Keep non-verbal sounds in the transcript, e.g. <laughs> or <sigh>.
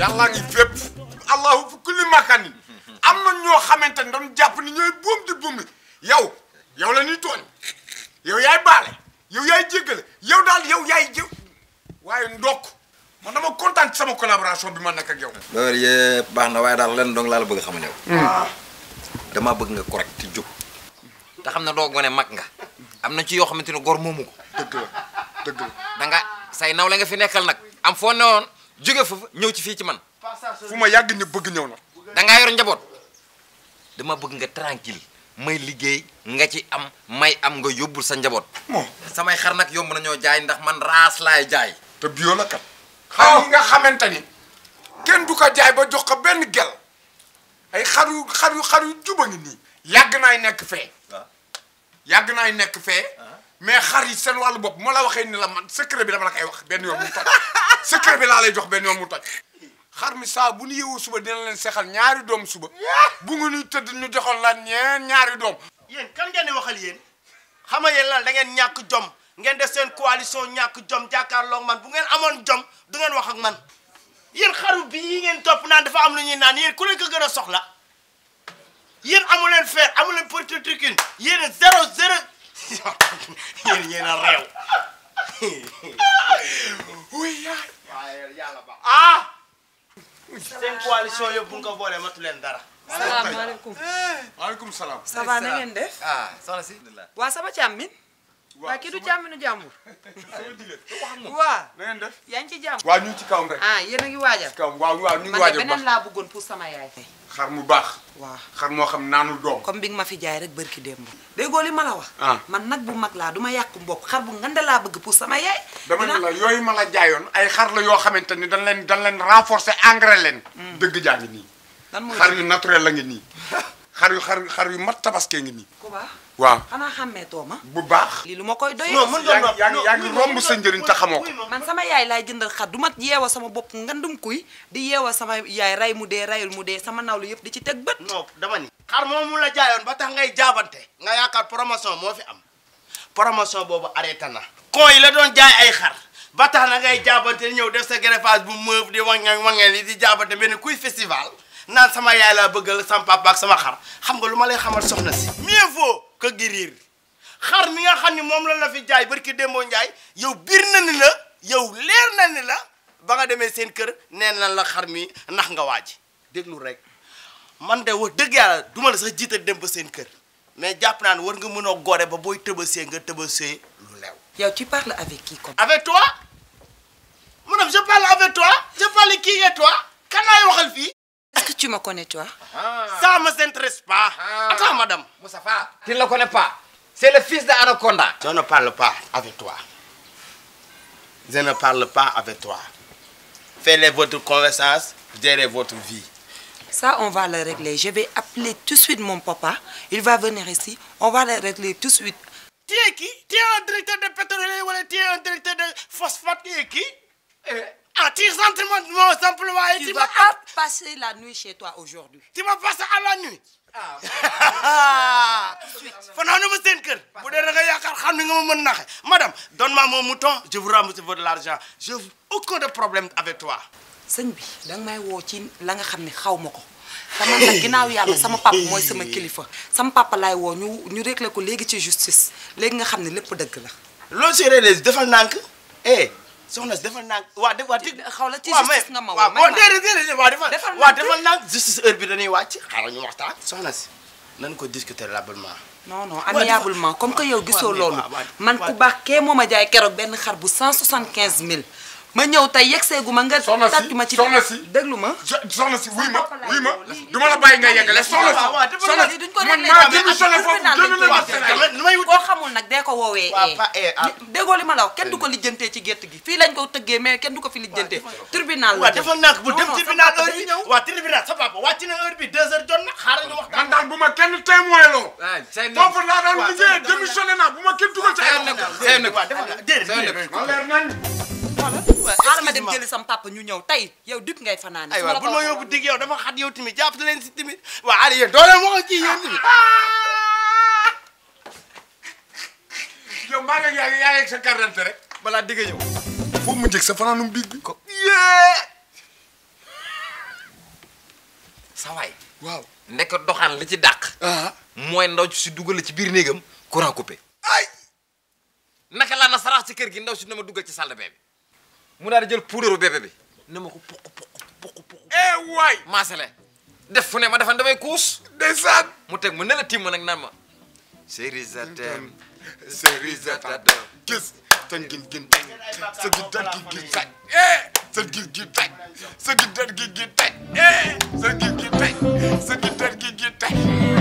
yàllaa ngi fépp allahu fi kulli makani am na ñoo xamante ne dañu jàpp ni ñooy buum di buum yow yow la ñuy tooñ yow yaay baale yow yaay jéggale yow daal yow yaay jëw waaye ndokk man dama kontaan ci sama collaboration bi ma nekk ak yow. loolu baax na waaye daal lenn doo laal bëgg a xamal hmm. ah. damaa bëgg nga correct te jóg. te xam ne doo gone mag nga. am na ci yoo xamante ne gor moomu ko. dëgg la dëgg say naw la nga fi nekkal nag am foo ne woon jóge foofu ñëw ci fii ci man. fu ma yàgg ñu bëgg ñëw na. da ngaa yor njaboot dama bëgg nga tranquille may liggéey nga ci am may am nga yóbbul sa njaboot. samay xar nag yomb nañoo jaay ndax man raas laay jaay. te bio la kat. Oh. xar yi nga xamante ni kenn du ko ba jox ko benn gel ay xaru xaru xaru juba ngi nii. yàgg naay nekk fee. Ah. yàgg naay nekk fee. Ah. mais xar yi seen wàllu bopp moo la waxee ni la man secret bi dama la koy wax benn yoon <laughs> secret bi laa lay jox benn yoon mu toj xar mi saa bu ñu suba dina leen sexal ñaari doom suba bu nga ñuy tëdd ñu joxoon la ñeen ñaari doom yéen kan ngeen di waxal yéen xam nga yéen lan da ngeen ñàkk jom ngeen def seen coalition ñàkk jom jàkkaarloog man bu ngeen amoon jom du ngeen wax ak man yéen xaru bi yi ngeen topp naan dafa am lu ñuy naan yéen ku leen ko gën a soxla yéen amu leen fer amu leen politique yéen zéro zéro <laughs> yéen yéen a réew wuy yaay. waaye yàlla ba ah. seen coalition yëpp bu ñu ko boolee matu leen dara. salaamaaleykum maaleykum salaam. ça va ah, si. waa sama càmmin. waa kii du càmminu jàmbur. waa na ngeen def. yaa ci jàmbur. waa ñu ngi ci kawam rek. ah yéen a ngi waajal. ci kawam waaw waaw ñu man beneen laa bëggoon pour sama yaay. xar mu baax. waaw xar moo xam naanul doom. comme bi nga ma fi jaay rek bërki démb. déggoo li ma la wax. Ah. man nag bu mag laa du ma yàq xar bu ngande laa bëgg pour sama yaay. dama ne la yooyu ma la jaayoon ay xar la yoo xamante ni dañ leen dañ leen renforcer engrais hmm. dëgg jaa nii. xar yu naturel la ngi nii. xar yu xar xar yu mat tabaskee ngi nii. ku baax waaw xanaa xàmmeetoo ma. bu baax. lii lu ma koy doy. non mën nga noppi yaa ngi sa njëriñ te xamoo ko. man sama yaay laay jëndal xar du ma yeewa bopp ngandum kuy di yeewa sama yaay rey mu dee rayul mu dee sama nawlu yëpp di ci teg bët. non dama ni. xar moom mu la jaayoon ba tax ngay jaabante nga yaakaar promotion moo fi am promotion boobu arrêté na. koo la doon jaay ay xar. ba tax na ngay jaabante ñëw def sa greffage bu meuf di wange wange li di jaabante mel ni kuy festival naan sama yaay laa bëggal sama papa ak sama xar xam nga lu ma lay xamal soxna si mieux vaut que guérir xar mi nga xam ni moom la la fi jaay barki démboo njaay yow biir na ni la yow leer na ni la ba nga demee seen kër nee lan la xar mi nax nga waaj déglu rek man de wax dëgg yàlla duma la sa jiita dem ba seen kër mais jàpp naa ne war nga mën a gore ba booy tëbasee nga tëbasee lu leew yow tu parles avec qui comme avec toi madame je parle avec toi je toi tu me connais toi ah. Ça ne m'intéresse pas. Ah. Attends, madame. Moussafa, tu ne le connais pas. C'est le fils d'Anaconda. Je ne parle pas avec toi. Je ne parle pas avec toi. Faites votre conversation, gérez votre vie. Ça, on va le régler. Je vais appeler tout de suite mon papa. Il va venir ici. On va le régler tout de suite. Tu es qui Tu es un directeur de pétrole ou tu es un directeur de phosphate Tu es qui eh. attirant ah, mon employé. Tu, la nuit chez toi aujourd'hui. Tu vas passer à la nuit. ah, <laughs> ah. fanaanu ma seen kër bu dee da nga yaakaar ni nga ma mën naxe madame donne-moi mon mouton je vous rembourse votre l'argent je n'ai aucun de problème avec toi sëñ bi da may woo ci la nga xam ne xaw ma ko dama nag ginnaaw yàlla sama papa mooy sama kilifa sama papa laay woo ñu ñu réglé ko léegi ci justice léegi nga xam ne lépp dëkk la loo séeréer defal nànk eh soxna si defal naa waa de waa di. xaw la ci justice nga ma woo may ma waaw ñu waxtaan. soxna nan ko discuter labalement. non non amiablement comme que yow gisoo loolu. man ku baax kee moo ma jaay keroog benn xar bu cent soixante quinze mille. ma ñëw tey yegg seegu ma nga. soxna si ma ci déglu ma. soxna si wuy ma wuy ma du ma la bàyyi nga yeggale soxna si. soxna si man maa déglu soxna amul nag dee ko woowee. waaw pas eh. eh, ah. déggoo ma la kenn du eh. ko lijjantee ci gerte gi. fii lañ ko tëggee mais kenn du ko fi lijjantee. tribunal la waaw dafa nàkk bu sa papa wàcc na bi deux heures na xaaral ñu waxtaan. man bu ma kenn témoin loo. waaw seen nekk foofu laa doon liggéey démissionné naa bu ma kenn dugal ci ay. seen nekk waaw seen nekk waaw ma dem jëli sam ñu ñëw tey yow dig ngay fanaane aywa bu ma yóbbu dig yow dama xat yow ja jàpp leen si tamit waa doo leen wax ci yéen tamit <laughs> yow maa ngi yaa yaa yegg sa carte balaa digg ñëw. foofu mu njëkk sa fanaanum biig ko. yee. sa waay. waaw ndek doxaan li ci dàq. Ah. mooy ndaw ju si duggal ci biir néegam courant coupé. ay naka laa na sarax ci kër gi ndaw si na ma duggal ci salle de bain mu daal di jël puudaru bébé bi na ma ko poq poq poq poq. eh waay. def fu ma defan damay kuus. ndeysaan mu teg mu ne la timm nag naan ma. chérie je t'aime Cerise ta dër gis tan gin gin taj sa gi dat gi gi taj eh sa gi gi taj sa gi dat gi gi taj eh sa gi gi taj sa gi dat gi gi taj